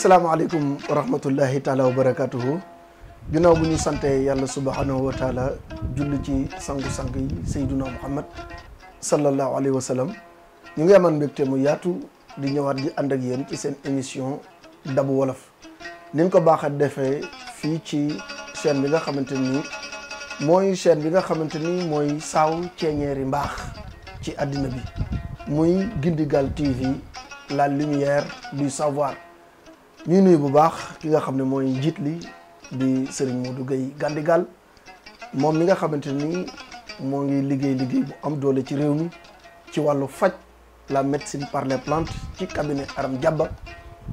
salaamaaleykum wa rahmatullahi taala wa barakatuhu ginnaaw bu ñu santee yàlla subhanahu wa taala julli ci sangu-sang yi sayduna muhammad sallallahu alayhi wa sallam ñu ngi amaan mbégte mu yaatu di ñëwaat di ànd ak yéen ci seen émission dabu wolof niñ ko baax a defee fii ci seen bi nga xamante ni mooy chaîne bi nga xamante ni mooy saaw ceeñeeri mbaax ci àddina bi muy Gindigal TV la lumière du savoir ñuy nuyu bu baax ki nga xam ne mooy njiit li di Serigne Modou Gueye Gandigal moom mi nga xamante ni moo ngi liggéey liggéey bu am doole ci réew mi ci wàllu faj la médecine par les plantes ci cabinet Aram Diaba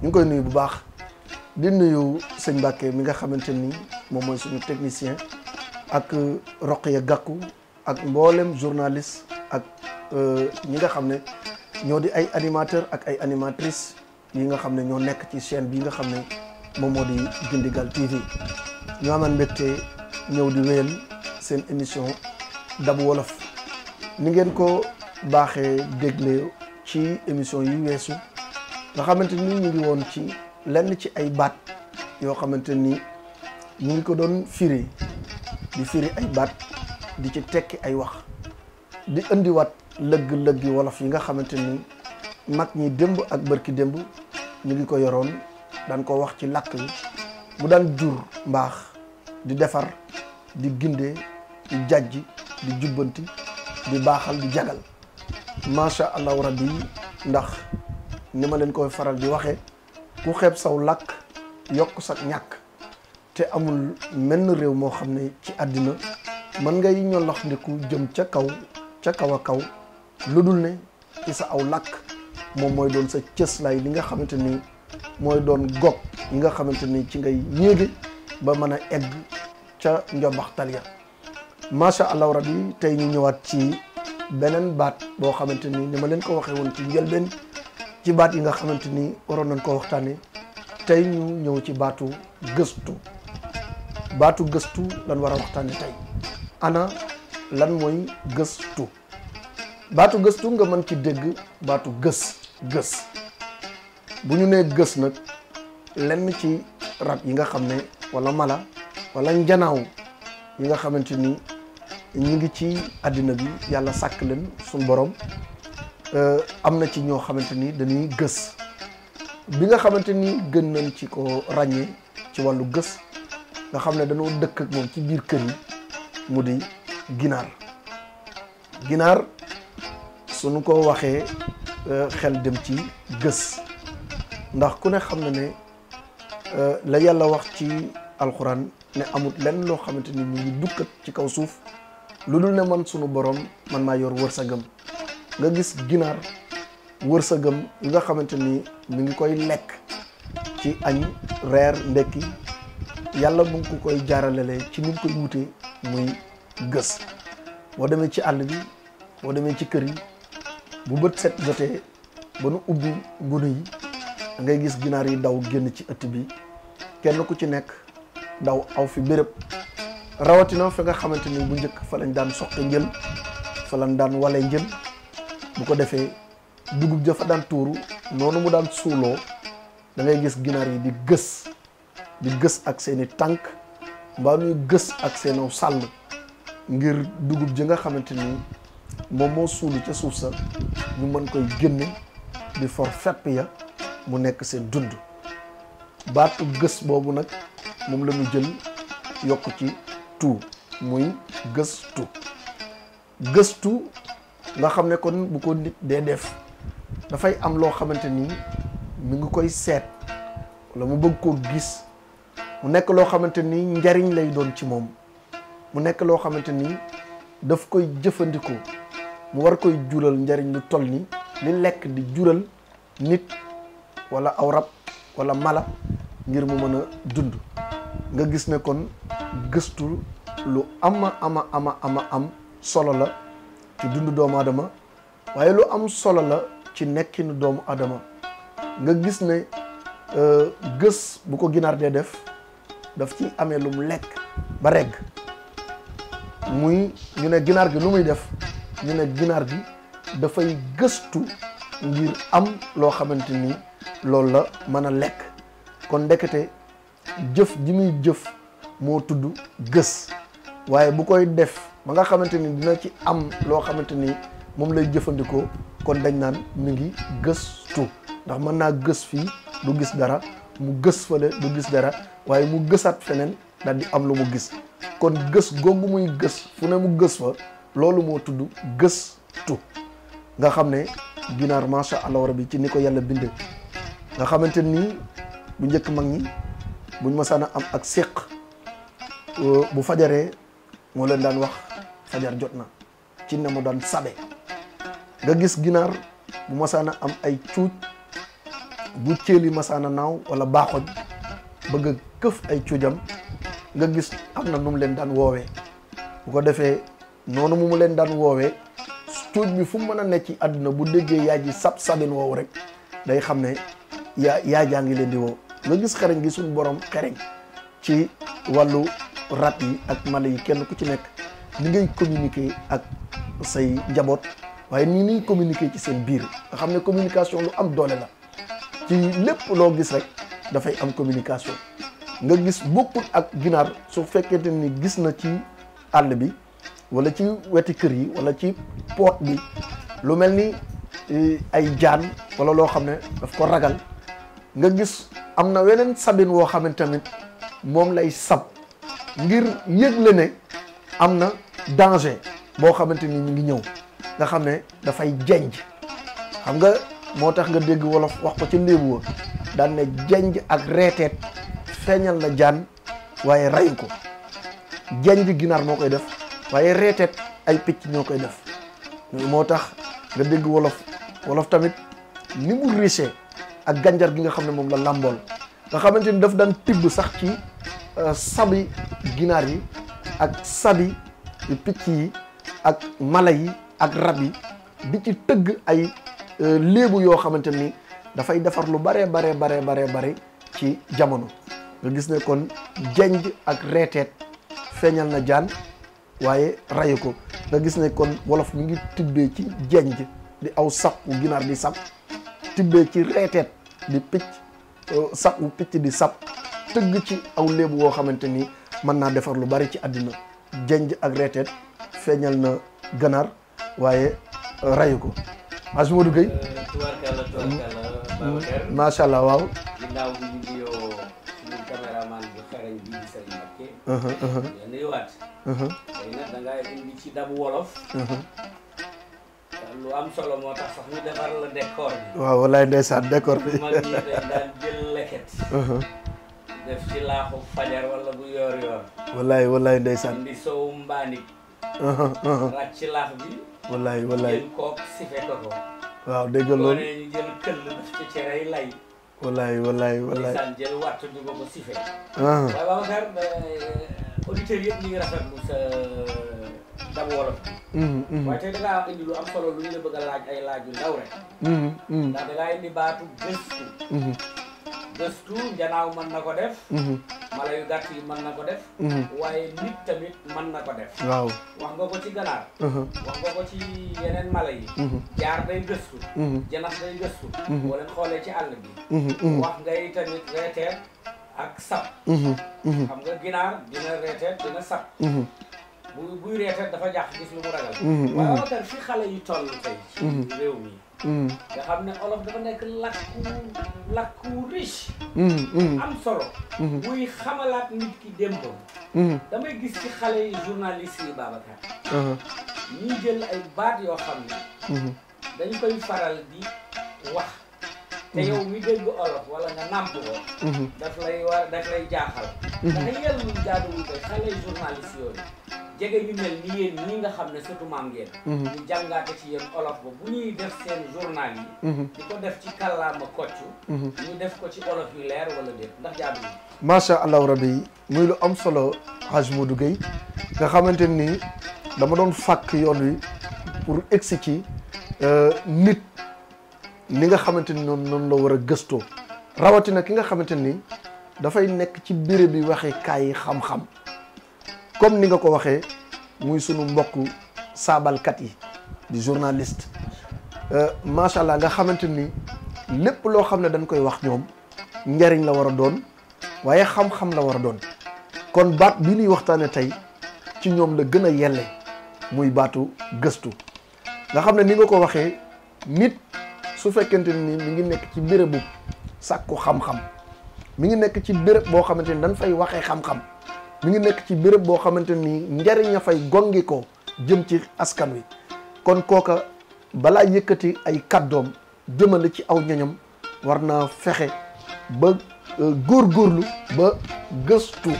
ñu ngi koy nuyu bu baax di nuyu sëñ Mbacke mi nga xamante ni moom mooy suñu technicien ak euh, Roqya Gakou ak mboolem journaliste ak euh, ñi nga xam ne ñoo di ay animateur ak ay animatrice yi nga xam ne ñoo nekk ci seen bi nga xam ne moom moo di Gindigal TV ñu amaan mbégte ñëw di wéyal seen émission Dabu Wolof ni ngeen ko baaxee dégle ci émission yi weesu nga xamante ni ñu ngi woon ci lenn ci ay baat yoo xamante ni ñu ngi ko doon firi di firi ay baat di ci tekki ay wax di indiwaat lëgg-lëggi wolof yi nga xamante ni mag ñi démb ak bërki démb ñu ngi ko yoroon daan ko wax ci làkk yi mu daan jur mbaax di defar di gindee di jàjji di jubbanti di baaxal di jagal macha allahu rabbi ndax ni ma leen koy faral di waxee ku xeeb saw làkk yokk sa ñàkk te amul menn réew moo xam ne ci àddina mën ngay ñolax jëm ca kaw ca kaw a kaw lu dul ne ci sa aw làkk moom mooy doon sa cëslaay li nga xamante ni mooy doon gog yi nga xamante ni ci ngay yéege ba mën a egg ca njombaxtal ya macha allah rabi tey ñu ñëwaat ci beneen baat boo xamante ni ni ma leen ko waxee woon ci njëlbeen ci baat yi nga xamante ni waroon nañ ko waxtaanee tey ñu ñëw ci baatu gëstu baatu gëstu lan war a waxtaane ana lan mooy gëstu baatu gëstu nga mën ci dégg baatu gës gës bu ñu nee gës nag lenn ci rab yi nga xam ne walla mala walla njanaaw yi nga xamante ni ñu ngi ci àddina bi yàlla sàkk leen suñ borom euh, am na ci ñoo xamante ni dañuy gës bi nga xamante ni gën nañ ci ko ràññee ci wàllu gës nga xam ne dañoo dëkk moom ci biir kër yi mu di ginaar ginaar suñu ko waxee Euh, xel dem ci gës ndax ku ne xam na ne euh, la yàlla wax ci alxuraan ne amut lenn loo xamante ni mu ngi dukkat ci kaw suuf lu dul ne man sunu boroom man maa yor wër wërsëgam nga gis ginaar wër wërsëgam yi nga xamante ni mi ngi koy lekk ci añ reer ndekki yàlla mu ngi ko koy jaaralale ci ni mu koy wutee muy gës boo demee ci àll bi boo demee ci kër yi bu bët set jotee ba nu ubbi gunu yi dangay gis ginaar yi daw génn ci ëtt bi kenn ku ci nekk daw aw fi béréb rawatina fi nga xamante ni bu njëkk fa lañ daan soqe njël fa lañ daan wale njël bu ko defee dugub ja fa daan tuuru noonu mu daan suuloo dangay gis ginaar yi di gës di gës ak seeni tànk mbaa ñuy gës ak seenu sàll ngir dugub ji nga xamante ni moom moo suulu ca suuf sa ñu mën koy génne di for fepp ya mu nekk seen dund baatu gës boobu nag moom la ñu jël yokk ci tu muy gëstu gëstu nga xam ne kon bu ko nit dee def dafay am loo xamante ni mu ngi koy seet wala mu bëgg koo gis mu nekk loo xamante ni njariñ lay doon ci moom mu nekk loo xamante ni daf koy jëfandikoo mu war koy jural njariñ lu toll ni li lekk di jural nit wala aw rab walla mala ngir mu mën a dund nga gis ne kon gëstu lu ama ama ama ama am solo la ci dundu doomu adama waaye lu am solo la ci nekkinu doomu adama nga gis ne euh, gës bu ko ginaar dee def daf ci amee lu mu lekk ba regg muy ñu ne ginaar gi lu muy def ñu ne ginaar bi dafay gëstu ngir am loo xamante ni loolu la mën a lekk kon ndekete jëf ji muy jëf moo tudd gës waaye bu koy def ba nga xamante ni dina ci am loo xamante ni moom lay jëfandikoo kon dañ naan mu ngi gëstu ndax mën naa gës fii du gis dara mu gës fële du gis dara waaye mu gësaat feneen daal di am lu mu gis kon gës googu muy gës fu ne mu gës fa loolu moo tudd gëstu nga xam ne ginaar macha allah rabi ci ni ko yàlla bindee nga xamante nii bu njëkk mag ñi buñ masaan a am ak séq euh, bu fajaree moo leen daan wax fajar jot na ci ne mu daan sabe nga gis ginaar bu masaan a am ay cuuj bu céeli masaan a naaw wala baaxoñ bëgg a këf ay cuujam nga gis am na nu leen daan woowee bu ko defee noonu mu mu leen daan woowee tuuj bi fu mu mën a nekk ci àdduna bu déggee yaay ji sab sabin woowu rek day xam ne yaa yaay jaa ngi leen di woo nga gis xereñ gi suñ borom xereñ ci wàllu rat yi ak mala yi kenn ku ci nekk ni ngay communiquer ak say njaboot waaye ni niñ communiquer ci seen biir nga xam ne communication lu am doole la ci lépp loo gis rek dafay am communication nga gis bokkul ak ginaar su fekkente ni gis na ci àll bi wala ci weti kër yi wala ci poot bi lu mel ni eh, ay jaan wala loo xam ne daf ko ragal nga gis am na weneen sabin woo xam ne tamit moom lay sab ngir yëgle ne am na danger boo xamante ni ñu ngi ñëw nga xam ne dafay jenj xam nga moo tax nga dégg wolof wax ko ci léebu wa daan ne jenj ak reeteet feeñal na jaan waaye rayu ko jenj ginaar moo koy def waaye reeteet ay picc ñoo koy def moo tax nga dégg wolof wolof tamit ni mu riche ak gànjar gi nga xam ne moom la làmbool nga xamante ni dafa daan tibb sax ci euh, sabi ginaar yi ak sabi picc yi ak mala yi ak rab yi bi ci tëgg ay euh, léebu yoo xamante ni dafay defar lu bare bare bare bare bare ci jamono nga gis ne kon jenj ak reeteet feeñal na jaan waaye rayu ko nga gis ne kon wolof mu ngi tibbee ci jenj di aw sàppu ginaar di sàpp tibbee ci reeteet di picc euh, sàppu picc di sàpp tëgg ci aw léebu woo xamante ni mën naa defar lu bari ci àddina jeeñ ak reeteet feeñal na ganaar waaye rayu ko Hadj Modou euh, mm, allah waaw da ngay indi ci dabu wolof. Mhm. lu am solo moo tax sax ñu defar la bi. waaw jël leket. Mhm. def ci laaxu fajar wala bu yor-yor. walaay walaay ndeysaan. indi sowu mbaanik. Mhm, ràcc laax bi. walaay walaay jël kook sife def ci cere yi lay. walaay walaay walaay jël wattu di ko sife. waaye auditeurs yëpp ñu rafet rafetlu sa dab wolof mm-hmm, mm-hmm. waaye tey da indi lu am solo lu ñu la bëgg laaj ay laaj yu ndaw rek mm-hmm, ndax da ngaa indi baatu gëstu gëstu njanaaw mën na ko def mala yu gàtt yi mën na ko def waaye nit tamit mën na ko def waaw wax nga ko ci ganaar uh-huh. wax nga ko ci yeneen mala yi jaar day gëstu janax day gëstu boo leen xoolee ci àll bi wax ngay tamit reeteer ak sab mhm, mhm. xam nga ginaar dina reeteet dina sab mhm. bu buy reeteet dafa jàq gis lu mu ragal waaye Ababacar fi xale yi toll tey ci réew mi nga xam ne olof dafa nekk làkku làkku riche am solo buy xamalaat nit ki démbam damay gis ci xale yi journaliste yi Babacar uh-huh. ñuy jël ay baat yoo xam ne dañu koy faral di wax te yow mhm. mi dégg olof wala nga nàmp ko mhm. daf lay war daf lay jaaxal ndax yel muñ jaaduwul ko xale journaliste yooyu jege ñu mel ni yéen ñi nga xam ne surtout maam ngeen mhm. ñu jàngaate ci yéen olof ba bu ñuy def seen journal yi di ko def ci kàllaama kocc ñu def ko ci olof yi leer wala déet ndax jaaduwul macha allahu rabbi muy lu am solo Hadj Modou Gueye nga xamante ni dama doon fàkk yoon wi pour egsi ci euh, nit li nga xamante ni noonu noonu la war a gëstoo rawatina ki nga xamante ni dafay nekk ci béréb bi waxee kaay xam-xam comme ni nga ko waxee muy sunu mbokk saabalkat yi di journaliste euh, macha allah nga xamante ni lépp loo xam ne dañ koy wax ñoom njariñ la war a doon waaye xam-xam la war a doon kon baat bi ñuy waxtaane tey ci ñoom la gën a yelle muy baatu gëstu nga xam ne ni nga ko waxee nit su fekkente nii mu ngi nekk ci bérébu sàkku xam-xam mi ngi nekk ci béréb boo xamante ni dañ fay waxee xam-xam mi ngi nekk ci béréb boo xamante nii njariñ a fay gongi ko jëm ci askan wi kon kooka balaa yëkkati ay kàddoom jëmale ci aw ñoñam war naa fexe ba góor euh, góorgóorlu ba gëstu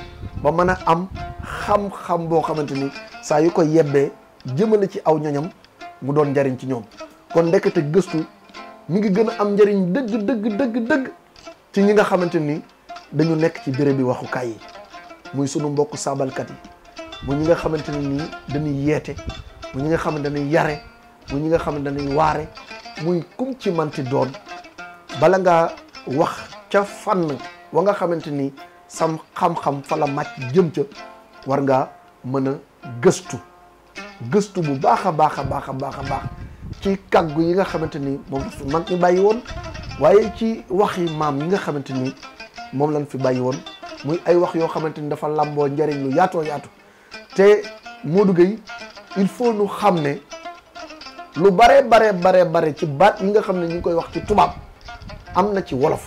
ba mën a am xam-xam boo xamante ni saa yu ko yebbee jëmale ci aw ñoñam mu doon njariñ ci ñoom kon ndekete gëstu mi ngi gën a am njëriñ dëgg dëgg dëgg ci ñi nga xamante ni dañu nekk ci béréb bi waxukaay yi muy sunu mbokk saabalkat yi mu ñi nga xamante ne nii dañuy yeete mu ñi nga xamante ne yare mu ñi nga xamante ne waare muy kum ci manti doon bala ngaa wax ca fan wa nga xamante ni sam xam-xam fa la màcc jëm ca war ngaa mën a gëstu gëstu bu baax a baax a baax a baax a baax ci kàggu yi nga xamante ni moom la fi mag ñi bàyyi woon waaye ci wax yi maam yi nga xamante ni moom lañ fi bàyyi woon muy ay wax yoo xamante ni dafa làmboo njariñ lu yaatoo yaatu te Modou Gueye il faut nu xam ne lu bare bare bare bare ci baat yi nga xam ne ñu ngi koy wax ci tubaab am na ci wolof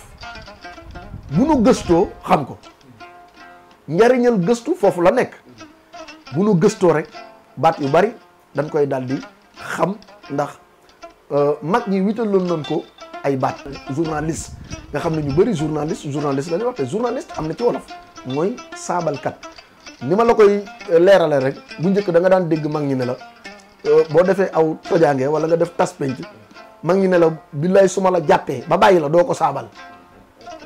bu nu gëstoo xam ko njariñal gëstu foofu la nekk bu nu gëstoo rek baat yu bari dañ koy daal di xam ndax euh, mag ñi witaloon nañ ko ay baat journaliste nga xam ne ñu bëri journaliste journaliste la ñuy wax am na ci wolof mooy saabalkat ni ma la koy euh, leerale rek bu njëkk da nga daan dégg mag ñi ne la euh, boo defee aw tojaange wala nga def tas penc mag ñi ne la billaay su ma la jàppee ba bàyyi la doo ko saabal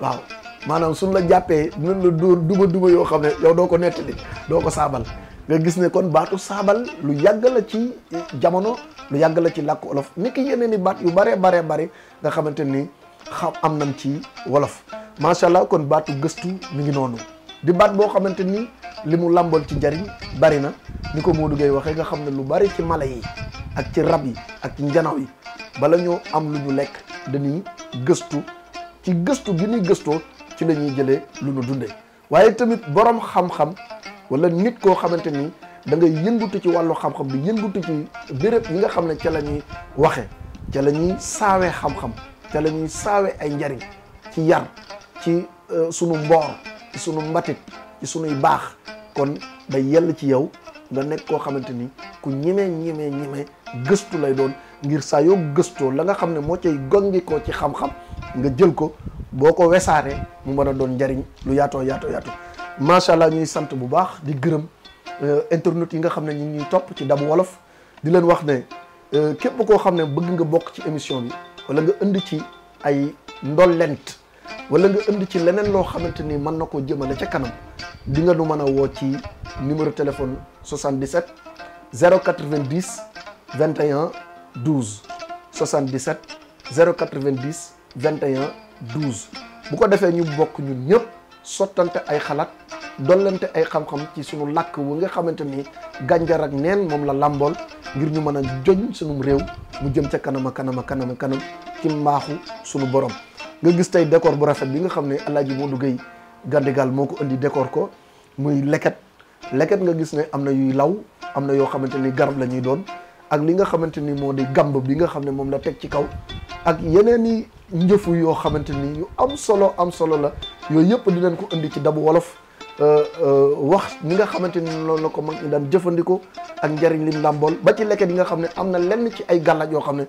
waaw maanaam suñ la jàppee dinañ la dóor duma duma yoo xam ne yow doo ko nettali doo ko saabal nga gis ne kon baatu saabal lu yàgg la ci eh, jamono lu yàgg la ci làkk olof ni ki yeneen i baat yu baree baree bari nga xamante ni xam am nañ ci wolof macha allah kon baatu gëstu mi ngi noonu di baat boo xamante ni li mu làmbool ci njariñ bari na ni ko Modou Gueye waxee nga xam ne lu bari ci mala yi ak ci rab yi ak ci njanaw yi bala ñoo am lu ñu lekk dañuy gëstu ci gëstu gi ñuy gëstoo ci lañuy ñuy jëlee lu ñu dundee waaye tamit borom xam-xam wala nit koo xamante ni. da ngay yëngatu ci wàllu xam-xam bi yëngatu ci béréb yi nga xam ne ca la ñuy waxee ca la ñuy saawee xam-xam ca la ñuy saawee ay njariñ ci yar ci euh, sunu mboor ci sunu mbatit ci sunuy baax kon day yell ci yow nga nekk koo xamante ni ku ñimee ñimee ñimee gëstu lay doon ngir saa yoo gëstoo la nga xam ne moo cay gongi ko ci xam-xam nga jël ko boo ko wesaaree mu mën a doon njariñ lu yaatoo yaatoo yaatoo macha allah ñuy sant bu baax di gërëm Euh, internet yi nga xam ne ñu ngi ñuy topp ci dabu wolof di leen wax ne euh, képp koo xam ne bëgg nga bokk ci émission bi wala nga indi ci ay ndollent wala nga indi ci leneen loo xamante ni mën na koo jëmale ca kanam di nga nu mën a woo ci numéro téléphone 77 090 21 12 77 090 21 12 bu ko defee ñu bokk ñun ñëpp sottante ay xalaat dollante ay xam-xam ci sunu làkk wu nga xamante ni gànjar ak neen moom la làmbool ngir ñu mën a joñ sunum réew mu jëm ca kanam a kanam a kanam a kanam ci mbaaxu sunu borom nga gis tey décor bu rafet bi nga xam ne Alaaji Modou Gueye Gandigal moo ko indi décor ko muy leket leket nga gis ne am na yuy law am na yoo xamante ni garab la ñuy doon ak li nga xamante ni moo di gàmb bi nga xam ne moom la teg ci kaw ak yeneen i njëfu yoo xamante ni yu am solo am solo la yooyu yëpp dinañ ko indi ci dabu wolof Euh, euh, wax ni nga xamante ni noonu la ko mag ñi daan jëfandikoo ak njëriñ lim làmbool ba ci leket yi nga xam ne am na lenn ci ay gàllaaj yoo xam ne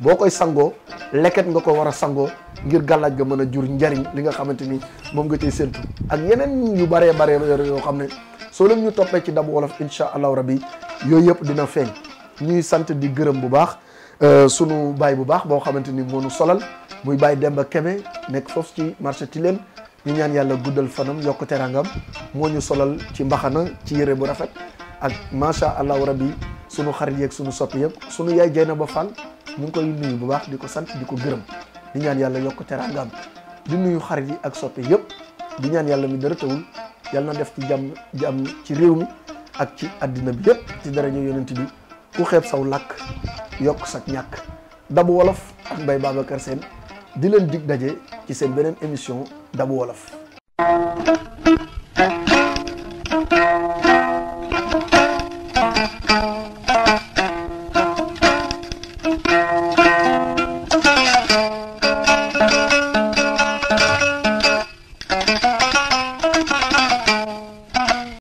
boo koy sangoo leket nga ko war a sangoo ngir gàllaaj ga mën a jur njariñ li nga xamante ni moom nga cay séntu ak yeneen yu baree baree yoo xam ne soo leen ñu toppee ci dabu wolof incha allahu rabi yooyu yëpp dina feeñ ñuy sant di gërëm bu baax euh, sunu baay bu baax boo xamante ni moo nu solal muy baay Demba Keme nekk foofu ci marché Tilène ñu ñaan yàlla guddal fanam yokk terangam moo ñu solal ci mbaxana ci yére bu rafet ak macha allahu rabbi sunu xarit yeeg sunu soppi yëpp sunu yaay Dieynaba Fall ñu ngi koy nuyu bu baax di ko sant di ko gërëm di ñaan yàlla yokk terangam di nuyu xarit yi ak soppi yëpp di ñaan yàlla mi dara tawul yàlla na def ci jàmm jàmm ci réew mi ak ci àddina bi yëpp ci dara ñu yonent bi ku xeeb saw làkk yokk sa ñàkk dabu wolof ak mbay Babacar Sène di leen dig daje ci seen beneen émission Dabu Wolof